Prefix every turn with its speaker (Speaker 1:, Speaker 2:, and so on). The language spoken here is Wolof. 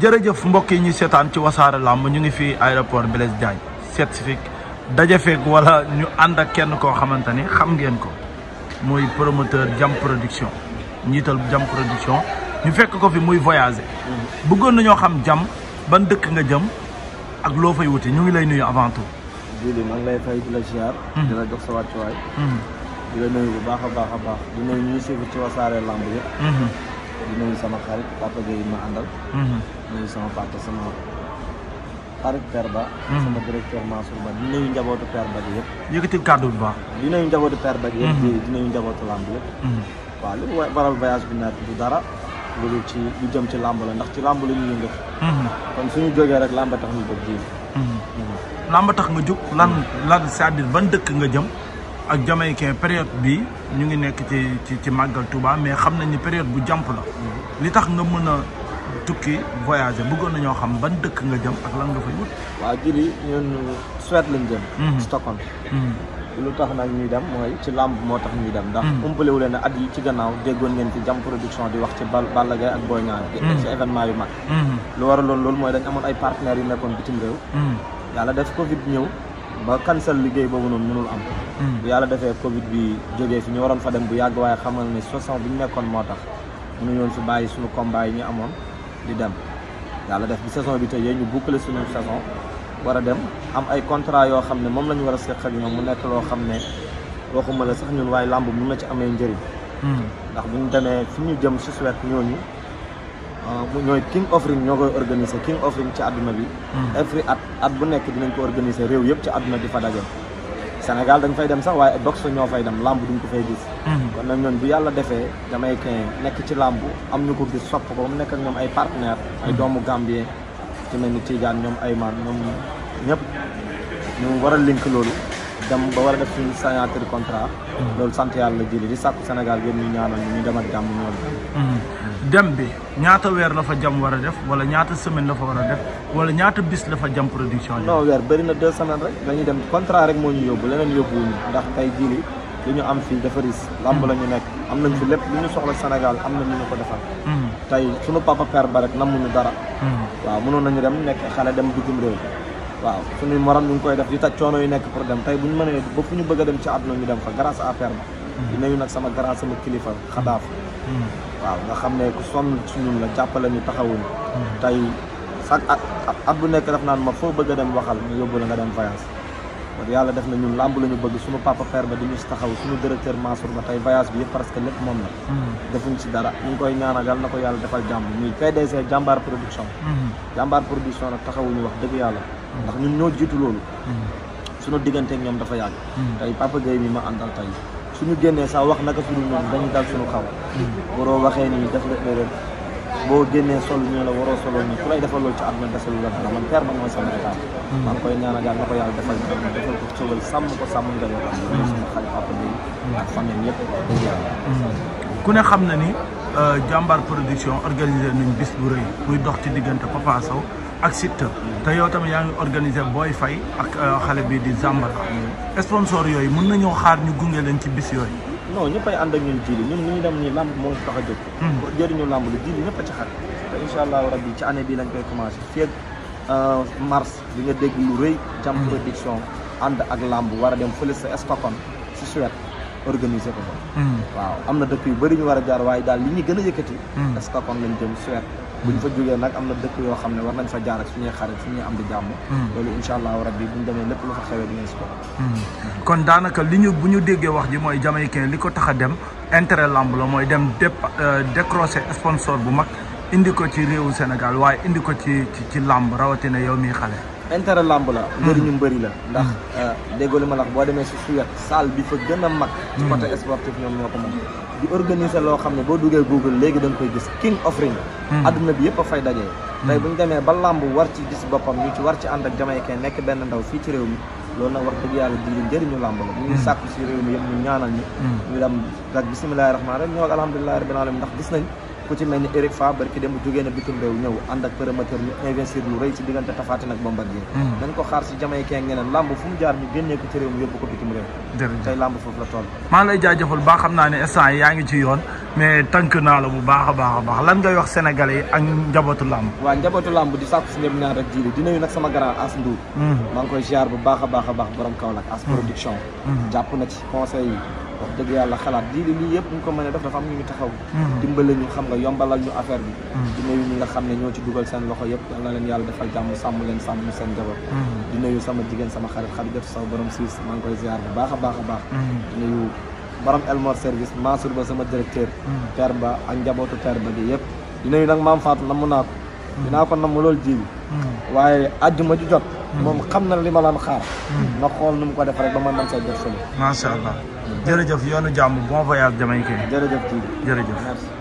Speaker 1: jërëjëf mbokk yi ñuy seetaan ci wasaare làmb ñu ngi fii aéroport Blaise Diagne daja dajafeeg walla ñu ànd ak kenn koo xamante ni xam ngeen ko muy promoteur Jam Production njiital Jam Production ñu fekk ko fi muy voyager bëggoon na ñoo xam jam ban dëkk nga jëm ak loo fay wuti ñu ngi lay nuyu avant tout.
Speaker 2: jërëjëf lay di la ziar. Hmm. di la jox sa wàccuwaay. Hmm. di la nuyu bu baax a baax a baax du nuyu ñuy suivre ci wasaare làmb yëpp. Hmm. di nuyu sama xarit papa Gueye ma àndal. Mhm. nuyu sama papa sama xarit Père Ba. Mhm. sama directeur Mansour Ba di nuyu njabootu Père Ba gi yëpp.
Speaker 1: yëkkati kàddu bu
Speaker 2: baax. di nuyu njabootu Ba gi mhm. di nuyu njabootu làmb yëpp. waaw li mu waral voyage bi naat du dara. loolu ci lu jëm ci làmb la ndax ci làmb la ñuy yëngatu. kon suñu jógee rek làmb tax ñu jóg jiw.
Speaker 1: làmb tax nga jóg lan lan cest à dëkk nga jëm. ak jamaïcain période bi ñu ngi nekk ci ci ci màggal Touba mais xam nañ ni période bu jàmp la mm-hmm. li tax nga mën a tukki voyager bëggoon na ñoo xam ban dëkk nga jëm ak lan nga fay wut.
Speaker 2: waaw jii ñun Suède lañ jëm. Mm-hmm. Stockholm. Mm-hmm. lu tax nag ñuy dem mooy ci làmb moo tax ñuy dem. ndax umpale wu leen at yi ci gannaaw déggoon ngeen ci jam production di wax ci Bal Balla Gaye ak Boy Niang. ci événement yu mag. lu waraloon loolu mooy dañ amoon ay partenaires yu nekkoon bitim réew. yàlla def Covid ñëw. ba kansal liggéey boobu noonu mënul am hmm. bu yàlla defee covid bi jógee fi ñu waroon fa dem bu yàgg waaye xamal ne soçon bu ñu nekkoon moo tax mënu ñoon fi bàyyi suñu combat yi ñu amoon di dem yàlla def bi saison bi tëjee ñu boucler suñu saison war a dem am ay contrat yoo xam ne moom la ñu war a seq ak ñoom mu nekk loo xam ne waxuma la sax ñun waaye làmb mu na ci amee njëriñ hmm. ndax bu ñu demee fi ñu jëm si suwet ñooñu Euh, mu ñooy king offering ñoo koy organiser king offering ci àdduna bi. Hmm. every at at bu nekk dinañ ko organiser réew yëpp ci àdduna di fa daje. Sénégal dañ fay dem sax waaye box fa ñoo fay dem làmb duñ ko fay gis. Hmm. kon na ñoon bu yàlla defee damay kañ nekk ci làmb am ñu ko gis sopp ko mu nekk ak ñoom ay partenaire ay hmm. doomu Gambien ci mel ni Tidiane ñoom Ayman ñoom ñëpp ñu waral a link loolu. dem ba war a def suñu signature contrat. Mm. loolu sant yàlla jëli di sàkku Sénégal yéen ñu ñaanal ñu dem ak jàmm ñoo dem.
Speaker 1: Mm. dem bi ñaata weer la jam war a def wala ñaata semaine la war a def wala ñaata bis la jam production bi.
Speaker 2: non weer bëri na deux semaines rek dañuy dem contrat rek moo ñu yóbbu leneen yóbbuwuñu ndax tey jii li ñu am fii dafa riis mm. làmb la ñu nekk am nañ fi lépp lu ñu soxla Sénégal am na lu ñu ko defal tey sunu papa père ba rek namuñu dara waaw mënoon nañu dem nekk xale dem bitim réew waaw suñuy morom ñu koy def di ta coono yu nekk pour dem tey bu ñu mënee ba fu ñu bëgg dem ci àdduna ñu dem fa grâce à Père Ba mhm. dinañu nag sama grâce sama kilifa mhm. xadaaf mhm. waaw nga xam ne ku sonn su ñun la jàppale ñu taxawuñu tey chaque at at bu nekk daf naan ma foo bëgg dem waxal ñu yóbbu la nga dem voyage kon yàlla def na ñun làmb la ñu bëgg suñu papa père ba di ñu si taxaw suñu directeur Mansour ba tey voyage bi yëpp lépp moom la hmm. defuñ si dara ñu ngi koy ñaanal yàlla na ko yàlla defal jàmm ñuy PDC jàmbaar production hmm. jàmbaar production nag taxawuñu wax dëgg yàlla hmm. ndax ñun ñoo jiitu loolu suñu diggante ak ñoom dafa yàgg tey papa Gueye mi ma àndal tey suñu génnee sax wax naka suñu noonu dañu dal suñu xaw waroo waxee nii def nga erreur boo génnee sol ñu la waroo ku lay defal loolu ci àdduna defal la dara man père man mooy sama hmm. koy ñaanal yàlla ko yàlla defal ko cëgal sàmm ko sàmm njabootam hmm. sama xarit papa bi ak hmm.
Speaker 1: ku ne xam na ni euh, jàmbaar production organisé nañ bis bu rëy muy dox ci diggante Papa Sow ak Siteu te yow tamit yaa ngi organisé Boy Faye ak euh, xale bii di
Speaker 2: Zambala
Speaker 1: sponsor yooyu mën nañoo xaar ñu gunge leen ci bis yooyu
Speaker 2: non ñëpp ay ànd ak ñun jiili ñun li ñu dem nii làmb moom tax a jóg hmm. pour jëriñu làmb lu jiili ñëpp ci xat te incha allahu rabbi ci année bi lañ koy commencé feeg euh, mars di nga dégg lu rëy jam hmm. production ànd ak làmb war a dem fële sa Stockholm si Suède organiser ko fa hmm. waaw am na dëkk yu bari ñu war a jaar waaye daal li ñu gën a yëkkati hmm. est-ce que kon lañ jëm Suède bu ñu fa jógee nag am na dëkk yoo xam ne war nañ fa jaar ak suñuy xarit suñuy am di jàmm hmm. loolu insha allahu rabbi bu ñu demee lépp lu fa xewee dinañ si ko
Speaker 1: kon daanaka li ñu bu ñu déggee wax ji mooy jamaïcain li ko tax a dem intérêt lamb la mooy dem dép euh, décrocher sponsor bu mag indi ko ci réewu Sénégal waaye indi ko ci ci lamb rawatina yow miy xale
Speaker 2: intérêt làmb la hmm. njëriñu mbëri la hmm. ndax euh, déggoo li ma la wax boo demee si suyat salle bi fa gën a mag ci hmm. côté sportif ñoom ñoo ko moom di organiser loo xam ne boo duggee Google léegi dañ koy gis king of ring adduna bi yëpp a fay dajee tey bu ñu demee ba làmb war ci gis boppam ñu ci war ci ànd ak jamaïcain nekk benn ndaw fii ci réew mi loolu nag wax dëgg yàlla jiri njëriñu làmb la ñu ngi si réew mi yëpp ñu ñaanal ñi ñu dem rak bisimilahi rahmaani rahim ñoo alhamdulilahi rabbil alamin ndax gis nañ ku ci mel ni Eric Fa barki dem jógee na bitim réew ñëw ànd ak promoteur ñu investir lu rëy ci diggante Tapha Tine ak Bombardier hmm. dañ ko xaar si Jamaïcain ngeneen lamb fu mu jaar
Speaker 1: naa ne instant yi ngi ci yoon mais tënk naa la bu baax a baax a baax lan ngay wax sénégalais yi ak njabootu lamb
Speaker 2: waaw njabootu lamb di sàkku si ñoom ñaan rek jii di nuyu nag sama grand As Ndour hmm. maa ngi baax a baax a baax borom Kaolack As hmm. Production jàpp na ci conseil yi wax dëgg yàlla xalaat lii yëpp ñu ko mën a def dafa am ñu ñu taxaw hmm. dimbale ñu xam nga yombalal ñu affaire bi hmm. nga xam ne ñoo ci dugal seen loxo yëpp yal na leen yàlla defal jàmm sàmm leen sàmm seen jabar hmm. di nuyu sama jigéen sama xarit Xadijatu saw borom Suisse maa ngi koy ziar bu baax a baax a baax di nuyu borom Elmor service Mansour ba sama directeur ter ba ak njabootu ter ba gi yëpp di nuyu nag maam Fatou namm naa ko dinaa ko namm loolu jibi waaye àjjuma ju jot moom xam na li ma laan xaar na hmm. xool nu mu ko def rek ba ma mën see jot solo
Speaker 1: macha allah jërëjëf yoonu jàmm bon voyage Jamaïcain jërëjëf kii jërëjëf